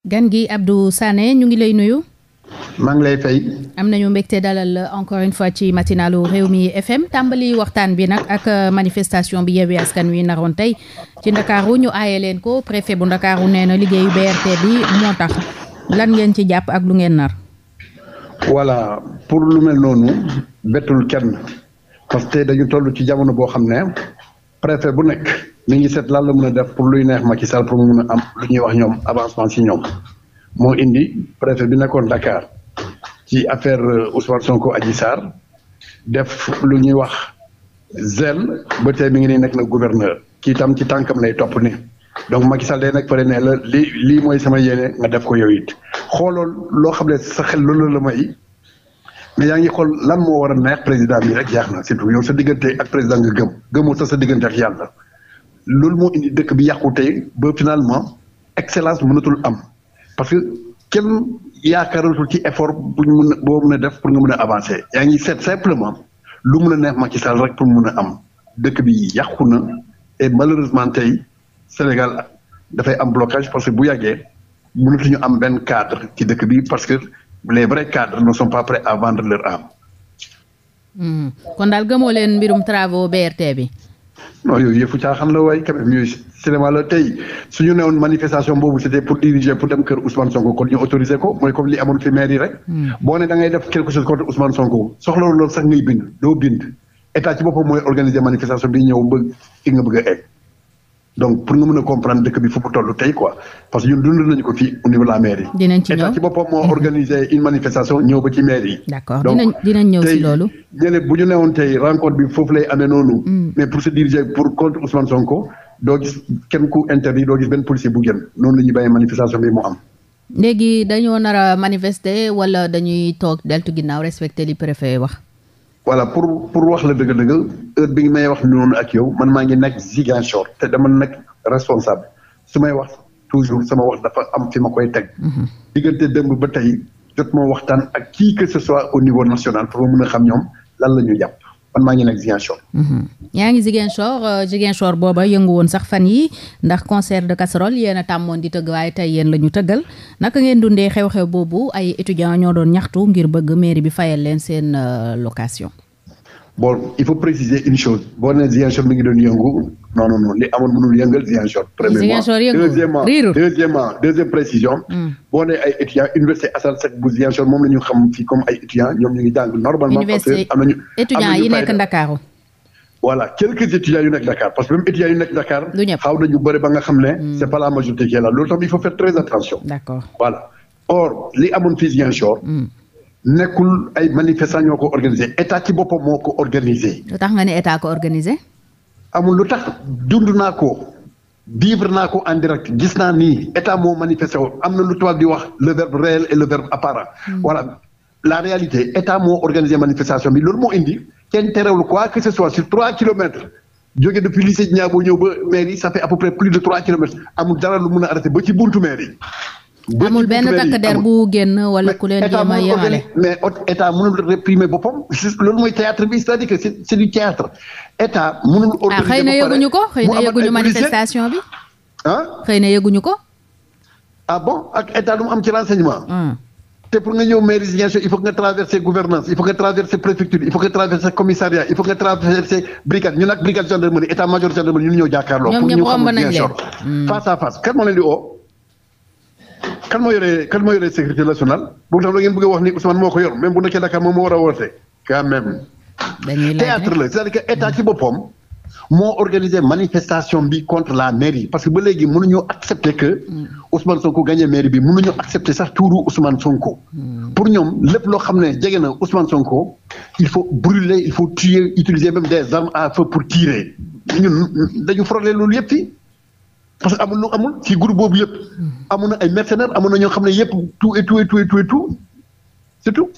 gan gi Abdou Sané ñu ngi lay nuyu. maa ngi lay fay. am nañu mbégte dalal encore une fois ci réew Rewmi FM tàmbali waxtaan bi nag ak euh, manifestation bi Yewwi Askan Wi naroon tey ci ndakaaru ñu aaye leen ko préfet bu ndakaaru nee na liggéeyu BRT bi moo tax lan ngeen ci jàpp ak lu ngeen nar. wala pour lu mel noonu bettul kenn parce dañu toll ci jamono boo xam ne préfet bu nekk. mi ngi seet lan la mën a def pour luy neex Macky Sall pour mu mën a am lu ñuy wax ñoom avancement ci ñoom moo indi préfet bi nekkoon Dakar ci affaire euh, Ousmane Sonko Adji Sarr def lu ñuy wax zèle ba tey mi ngi nii nekk na gouverneur kii tam ci tànkam lay topp ni donc Macky Sall day nekk pare ne la lii lii mooy sama yéene nga def ko yow xoolool loo xam ne sa xel loolu la may mais yaa ngi xool lan moo war a neex président bi rek jaax na surtout yow sa diggante ak président nga gëm gëmoo sa diggante ak yàlla. loolu moo indi dëkk bi yàqu tey ba finalement excellence mënatul am parce que kenn yaakaaratul ci effort boobu ñu mën a def pour nga mën a avancer yaa ngi seet simplement lu mën a neex Macky Sall rek pour mun a am dëkk bi yàqu na et malheureusement tey Sénégal dafay am blocage parce que bu yàggee ñu am benn cadre ci dëkk bi parce que les vrais cadres ne sont pas prêts à vendre leur âme. Hmm. kon daal gëmoo leen mbirum travaux BRT bi. non yooy yëfu caaxaan la waaye quand même yooyu cinéma la tey suñu newoon manifestation boobu c'était pour diriger pour dem kër Ousmane Sonko kon ñu autorisé ko mooy comme li amoon fi maire rek. Hmm. boo ne ngay def quelque chose contre Ousmane Sonko soxla loolu sax ngay bind doo bind état ci boppam mooy organiser manifestation bi ñëw bëgg ki nga bëgg a donc pour nga mën a comprendre dëkk bi fu mu toll tey quoi parce que ñun dund nañu ko fii au niveau de la mairie. dinañ ci ñëw état ci mhm. ñëw ba ci mairie dinañ ñëw si loolu. ñeneen bu ñu newoon tey rencontre bi foofu lay amee noonu. Mhm. mais pour se diriger pour contre Ousmane Sonko doo gis kenn ku interdit doo gis benn policier bu génn noonu la ñuy bàyyee manifestation bi mu am. léegi dañoo nar a manifester dañuy toog deltu ginnaaw respecter li préfet wax. voilà pour pour wax la dëgg-dëgg heure bi ngi may wax noonu ak yow man maa ngi nekk Ziguinchor te dama nekk responsable su may wax toujours sama wax dafa am fi ma koy teg. Mhm. diggante démb ba tey jot moo waxtaan ak kii que ce soit au niveau national pour ma mën a xam ñoom lan la ñu jàpp. man maa ngi nag Ziguinchor. Mhm. yaa ngi Ziguinchor euh, Ziguinchor booba yëngu woon sax fan yi ndax concert de casserole yéen a tàmmoon di tëgg waaye tey yéen la ñu tëggal naka ngeen dundee xew-xew boobu ay étudiants ñoo doon ñaxtu ngir bëgg mairie bi fayal leen seen euh, location. bon il faut préciser une chose boo nee Ziguinchor mi ngi doon non non non li amoon mënul yëngal Ziguinchor. premièrement deuxièmement deuxièmement deuxième précision. Hmm. boo nee ay étudiants université Assane Seck bu Ziguinchor moom la ñu xam fii comme ay étudiants ñoom ñu ngi jàng normalement. parce que nekk Ndakaaru. voilà quelques étudiants yu nekk Dakar parce que même étudiants yu nekk Dakar. du nañu bëri ba nga xam ne. Hmm. c' est pas la majorité nekkul ay manifestants ñoo ko organisé état ci boppam moo ko organisé. lu tax nga ne état ko organisé. amul lu tax dund naa ko vivre naa ko en direct gis naa nii état moo manifesté woon am na lu tubaab di wax le verbe réel et le verbe apparent. wala hmm. la réalité état moo organisé manifestation bi loolu moo indi kenn terewul quoi que ce soit sur trois kilomètres. jóge depuis lycée Niabo ñëw ba mairie ça fait à peu près plus de trois kilomètres amul dara lu mun a arrêté ba ci buntu mairie. demul benn takk der bu génn wala ku leen jéem a yemale mais état mënul réprimer boppam loolu mooy théâtre bi c'est-à-dire que c'est du théâtre état mënul ah, organiser xëy na bi xëy na yëguñu ko ah bon ak état lu mu am ci renseignement hmm. te pour nga ñëw mairie Ziguinchor il faut nga traverser gouvernance il faut nga traverser préfecture il faut nga traverser commissariat il faut nga traverser brigade ñun ak brigade gendarmerie état major gendarmerie ñu xam Ziguinchor hmm. face à face kan moo yore kan moo yore sécurité nationale boobu tam la ngeen bëgg a wax ni Ousmane moo ko yor même bu nekkee Dakar moom moo war a woote. quand théâtre la c'est-à-dire que état mm. ci boppam. moo organisé manifestation bi contre la mairie parce que ba léegi mënuñu accepter que mm. Ousmane Sonko gagné mairie bi mënuñu accepter sax tuuru Ousmane Sonko. Mm. pour ñoom lépp loo xam ne jege na Ousmane Sonko il faut brûler il faut tuer utiliser même des armes à feu pour tirer dañu frôler loolu yëpp fii. parce que amul lu amul ci groupe boobu yëpp. Hmm. amoon na ay mercenaires amoon na ñoo xam ne yëpp tout et tout et tout et tout et tout c'est tout.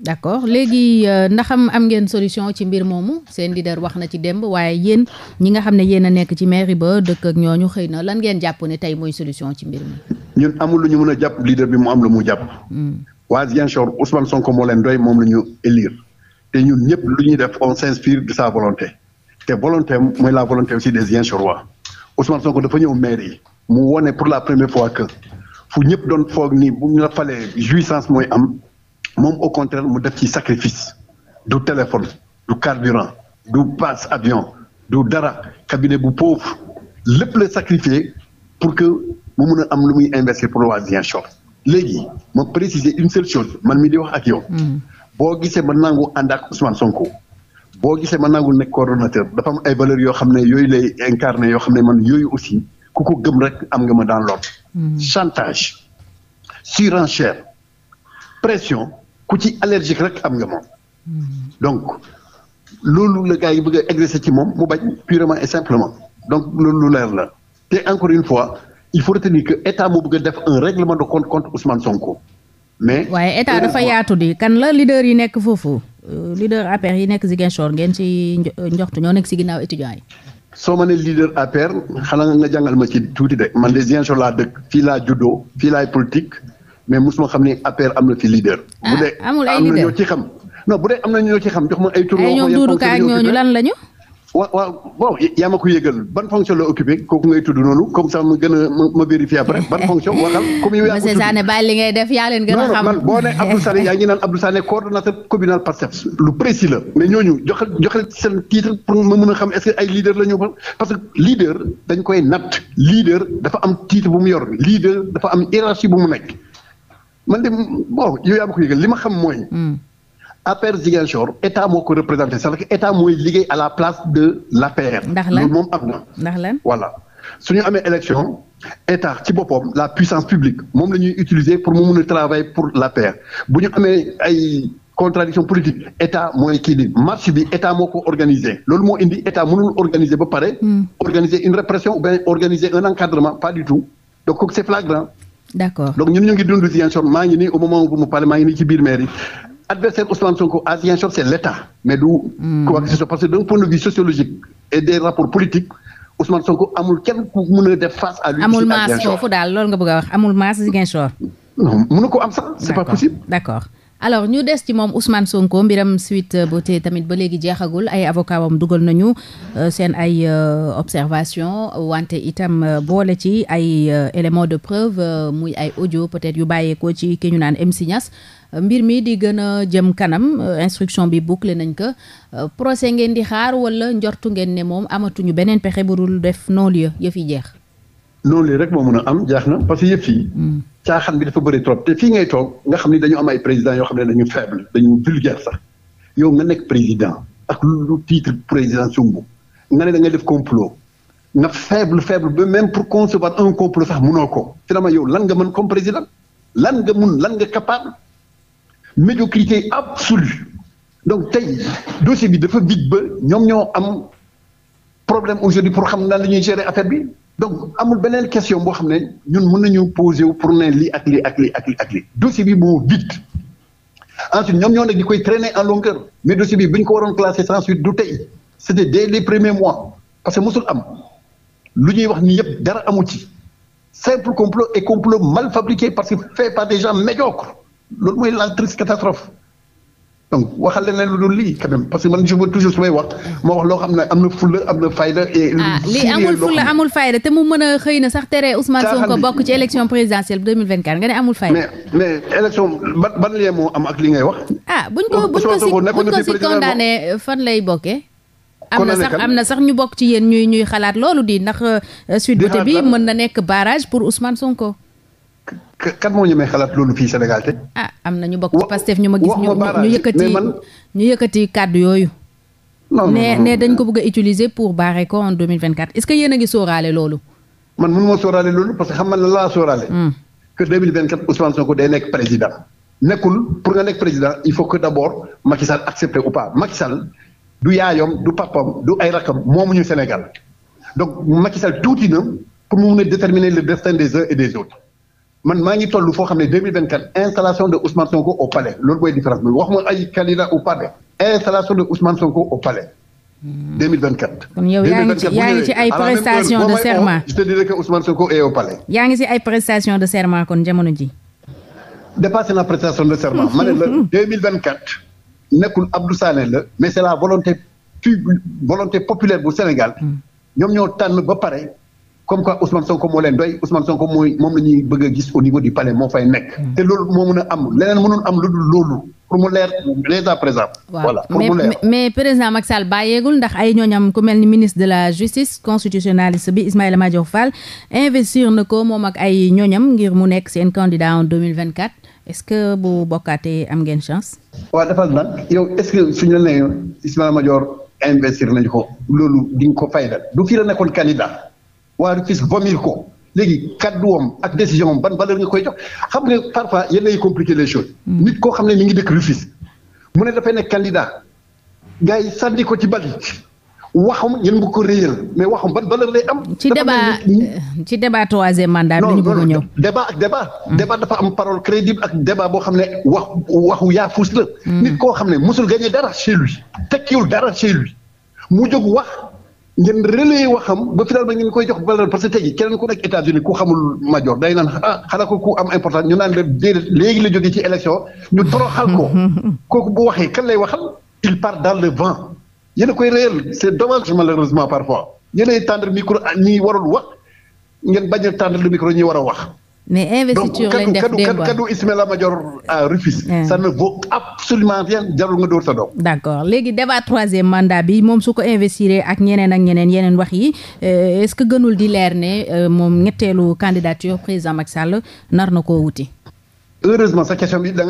d'accord léegi euh, ndax am am ngeen solution ci mbir moomu seen leader wax na ci démb waaye yéen ñi nga xam ne yéen a nekk ci mairie ba dëkk ak ñooñu xëy na lan ngeen jàpp ne tey mooy solution ci mbir mi. ñun amul lu ñu mën a jàpp leader bi mu am lu mu jàpp. Hmm. waa Ziguinchor Ousmane Sonko moo leen doy moom la ñu élire te ñun ñëpp lu ñuy def on s'inspire de sa volonté te volonté mooy la volonté aussi des Ziguinchorois. Ousmane Sonko dafa ñëw maire yi mu wone pour la première fois que fu ñëpp doon foog ni bu ñu la falee jouissance mooy am moom au contraire mu def ci sacrifice du téléphone du carburant du passe avion du dara cabinet bu pauvre lépp la sacrifié pour que mu mun a am lu muy investir pour waa Ziguinchor léegi ma préciser une seule chose man mi di wax ak yow. Mm. boo gisee ma nangu ànd ak Ousmane Sonko. boo gisee ma nangul nekk coordonnateur dafa am ay valeurs yoo xam ne yooyu lay incarné yoo xam ne man yooyu aussi ku ko gëm rek am nga ma dans l'ordre hmm. chantage surenchère pression ku ci allergique rek am nga moom hmm. donc loolu la gars yi bëgg a ci moom mu bañ purement et simplement donc loolu lu leer la te encore une fois il faut retenir que état moo bëgg def un règlement de compte contre Ousmane Sonko mais waaye état dafa yaatu di kan la leader yi nekk foofu Euh, leader APR yi nekk Ziguinchor ngeen ci njoxtu ñoo nekk si ginnaaw étudiants yi. soo ma ne leader APR xanaa nga jàngal ma ci tuuti de man de Ziguinchor la dëkk fii laa juddoo fii laay politique mais mosuma xam ne APR am na fi leader. bu ah, amul ay leader am na ñoo ci xam non bu dee am na ñoo xam jox ma ay. tur Ka ak ñooñu lan lañu. waaw waaw bon yaa ma ko ban fonction la occupé kooku ngay tudd noonu comme ça ma gën a ma vérifier après ban fonction waxal comme yaa ngay def yaa a xam man boo ne Abdou Sané yaa ngi naan Abdou Sané coordonnateur communal Pastef lu précis la mais ñooñu joxe joxe seen titre pour ma mën a xam est-ce que ay leader la parce que leader dañ koy natt liider dafa am titre bu mu yor leader dafa am hiérarchie bu mu nekk man de bon yow yaa ma ko yëgal li ma xam mooy hmm. APR Ziguinchor état moo ko représenté c'est-à-dire que état mooy liggéey à la place de l'APR. ndax loolu moom am na. ndax lan ñu amee élection état ci boppam la puissance publique moom la ñu utilisé pour mu mun a travailler pour l'APR bu ñu amee ay. contradiction politique état mooy kii di marche bi état moo ko organisé loolu moo indi état mënul organiser ba pare. Hmm. organiser une répression ou bien organiser un encadrement pas du tout donc kooku c'est flagrant. d'accord donc ñun ñu ngi dund adversaire Ousmane Sonko à Ziguinchor c' est l' État mais du. Hmm. quoi que ce soit parce que d'un point de vue sociologique et des rapports politiques Ousmane Sonko amul kenn ku mën a def face à. lui amul maas foofu daal loolu nga bëgg a wax amul maas Ziguinchor. non mënu ko am sax. c' est pas possible d' accord. alors ñu des ci moom Ousmane Sonko mbiram Sweet euh, Beauté tamit ba léegi jeexagul ay avocat dugal nañu euh, seen ay euh, observation wante itam boole ci ay éléments de preuve muy ay audio peut-être yu bàyyeekoo ci ki ñu naan MC mbir mi di gën a jëm kanam instruction bi bouclé nañ ko procès ngeen di xaar wala njortu ngeen ne moom amatuñu beneen pexe bu dul def non-lieu yëf jeex. noonu lii rek moo mën a am jaax na parce que yëpp yi. Hmm. caaxaan bi dafa bëri trop fii ngay toog nga xam ni dañu am ay présidents yoo xam ne dañu faible dañu vulgaire sax yow nga nekk président ak lu titre président sumbu nga ne da ngay def complot nga faible faible ba même pour concevoir un complot sax mënoo ko finalement yow lan nga mën comme président lan nga mun lan nga capable médiocrité absolue donc tey dossier bi dafa vide ba ñoom ñoo am problème aujourd'hui pour xam nan la ñuy gérer affaire bi donc amul beneen question boo xam ne ñun mën nañu posé wu pour ne lii ak lii ak lii ak lii ak lii dossier bi moo vite ensuite ñoom ñoo nag di koy traîner en longueur mais dossier bi buñ ñu waroon classé sans suite du tey c'était dès les premiers mois parce que mosul am lu ñuy wax ni yëpp dara amu ci simple complot et complot mal fabriqué parce que fait par des gens médiocres loolu mooy la triste catastrophe donc waxal leen lu dul lii parce que man je veux toujours su may wax moo wax loo xam ne am na fulla am na fayda. et ah, amul fulla amul fayda te mu mën a xëy na sax tere Ousmane Sonko bokk ci élection présidentielle 2024 nga ne amul fayda. mais mais élection ban ban lien am ak li ngay wax. ah buñ ko buñ ko si buñ euh, fan lay bokkee. am na sax am na sax ñu bokk ci yéen ñuy ñuy xalaat loolu di ndax. Euh, suite bi mën na nekk barage pour Ousmane Sonko. kan moo ñemee xalaat loolu fii Sénégal te. ah am na ñu bokk ci Pastef ñu ma gis. ñu ñu yëkkati kàddu yooyu. ne ne dañ ko bëgg a utiliser pour barrer ko en 2024 est-ce que yéen a ngi sóoraale loolu. man mënu ma sóoraale loolu parce que xam man la laa sóoraale. Hmm. que 2024 Ousmane Sonko day nekk président. nekkul pour nga nekk président il faut que d'abord Macky Sall accepter ou pas Macky du yaayam du papam du ay rakam moomuñu Sénégal donc Macky Sall tuuti na pour mu mun a déterminer le destin des man maa ngi toll foo xam ne 2024 installation de Ousmane Sonko au palais loolu mooy différence bi wax ma ay candidat ou pas installation de Ousmane Sonko au palais. 2024. yaa ngi ci yaa ngi ci ay prestation de serment je te dirai que Ousmane Sonko au palais. yaa ngi ci ay prestation de serment kon jamono ji. dépassé na prestation de serment. ma ne la 2024. nekkul Abdou Sané la. mais c'est la volonté pub volonté populaire bu Sénégal. Hmm. ñoom ñoo tànn ba pare. comme quoi Ousmane Sonko moo leen doy Ousmane Sonko mooy moom la ñuy bëgg a gis au niveau du palais moo fay nekk. Mm. te loolu moo mën am leneen mënoon am lu dul loolu pour mu leer dès présent. voilà pour mu leer mais président Macky Sall bàyyeegul ndax ay ñooñam ku mel ni ministre de la justice constitutionnaliste bi Ismaïla Madior Fall investir na ko moom ak ay ñooñam ngir mu nekk seen candidat en 2024 est-ce que bu bokkaatee am ngeen chance. waaw defal na yow est-ce que suñu la nee ko loolu di ko fayal du kii la nekkoon candidat. waa Rufisque vomir ko léegi kadduwam ak décision am ban valeur nga koy jox xam nga parfois yéen ay compliquer les choses. Hmm. nit koo xam ne mi ngi dëkk Rufisque mu ne dafay nekk candidat gars yi sànni ko ci bali waxum yéen bu ko réyal mais waxum ban valeur lay am. ci débat ci débat troisième ñu non ñëw non débat ak débat. Hmm. débat dafa am parole crédible ak débat boo xam ne wax waxu yaa fuus la. Hmm. nit koo xam ne mosul gagné dara chez lui tekkiwul dara chez lui mu jóg wax. ngeen relayer waxam ba final ba ngeen koy jox valeur parce que tey keneen ku nekk États-Unis ku xamul Major day naan ah ko ku am important ñu naan la déedéet léegi la jógee ci élection ñu toroxal ko kooku boo waxee kan lay waxal il part dans le vent yene a koy réel c'est dommage malheureusement parfois yéen ay tendre micro ñi warul wax ngeen bañ a tendre le micro ñi war a wax mais investiture lañ def démb donc kaddu Ismaïla Madior euh, Rufisque. ça ne vaut absolument nga dóor sa d' accord léegi débat troisième mandat bi moom su ko investir ak ñeneen ak ñeneen yeneen wax yi euh, est ce que gënul di leer ne euh, moom ñetteelu candidature président Macky Sall nar na koo wuti. heureusement sa question bi da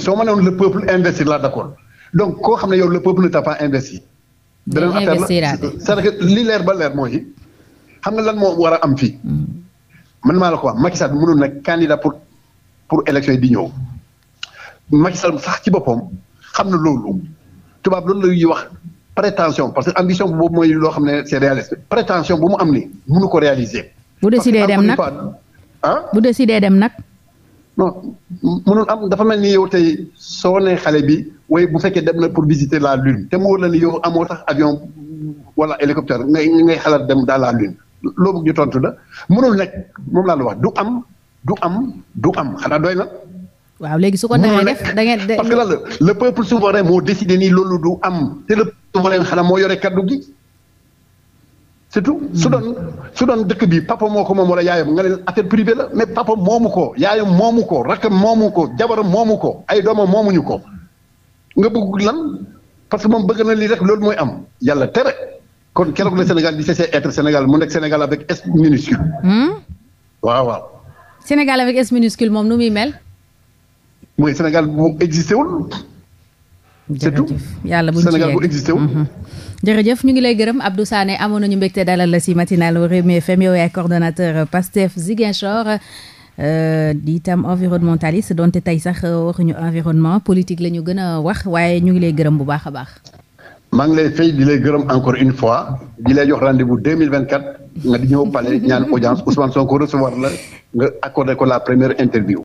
soo ma ne woon le peuple xam ne yow le peuple ne t' a pas investi. danañ affaire la c' mooy xam nga lan moo war a am fii. Hmm. man maa la ko wax Macky Sall mënul nag candidat pour pour élection yi di ñëw Macky Sall sax ci boppam xam na loolu tubaab loolu la ñuy wax prétention parce que ambition boobu mooy loo xam ne c'est réaliste prétention bu mu am ni mënu ko réaliser. bu décidé dem nag ah bu décidé dem nag. non mënul am dafa mel ni yow tey soo nee xale bi waaye bu fekkee dem na pour visiter la lune te mu wóor la ni yow amoo tax avion wala hélicoptère ngay ngay xalaat dem daal la lune. loo ñu tontu la mënul nekk moom laa la wax du am du am du am xanaa doy na. waaw léegi su ko da ngeen parce que lan la le peuple souverain moo décidé ni loolu du am te le peuple souverain moo yore kaddu gi. surtout hmm. su doon su doon dëkk bi papa moo ko moom wala yaayam nga leen affaire privée la mais papa moomu ko yaayam moomu ko rakkam moomu ko jabaram moomu ko ay dooma moomuñu ko nga bugg lan parce que moom bëgg na lii rek loolu mooy am yàlla tere. kon keroog la Sénégal di cessé être Sénégal mu nekk Sénégal avec S minuscule. Hmm? waaw waaw. Sénégal avec S minuscule moom nu muy mel. mooy Sénégal bu existé wul. c'est tout yàlla bu Sénégal bu existé wul. Mhm. jërëjëf ñu ngi lay gërëm Abdou Sané amoon nañu mbégte dalal la si matinale Rewmi FM yow yaay coordonnateur PASTEF Ziguinchor euh, di itam environnementaliste donte tey sax euh, waxuñu environnement politique la ñu gën a wax waaye ñu ngi lay gërëm bu baax a baax. maa ngi lay fay di lay gërëm encore une fois di lay jox rendez-vous deux mille vingt quatre nga di ñëw palais ñaan audience Ousmane Sonko recevoir la nga accordé ko la première interview.